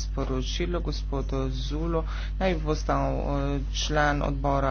sporočilo gospodu Zulu, naj bo postal eh, član odbora